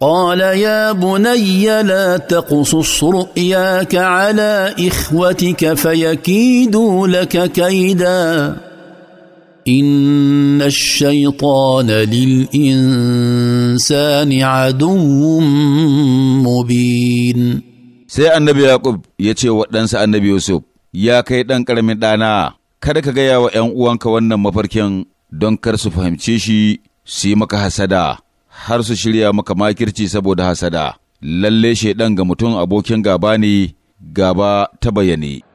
قال يا بني لا تقصص رؤياك على اخوتك فيكيدوا لك كيدا ان الشيطان للانسان عدو مبين sai annabi yaqub ya ce wa ɗansa annabi yusuf ya kai ɗan ƙaramin ɗana kada ka gaya wa ‘yan uwanka wannan mafarkin don kar su fahimce shi su yi maka hasada har su shirya maka makirci saboda hasada lalle shaidan ga mutum abokin gaba ne gaba ta bayani.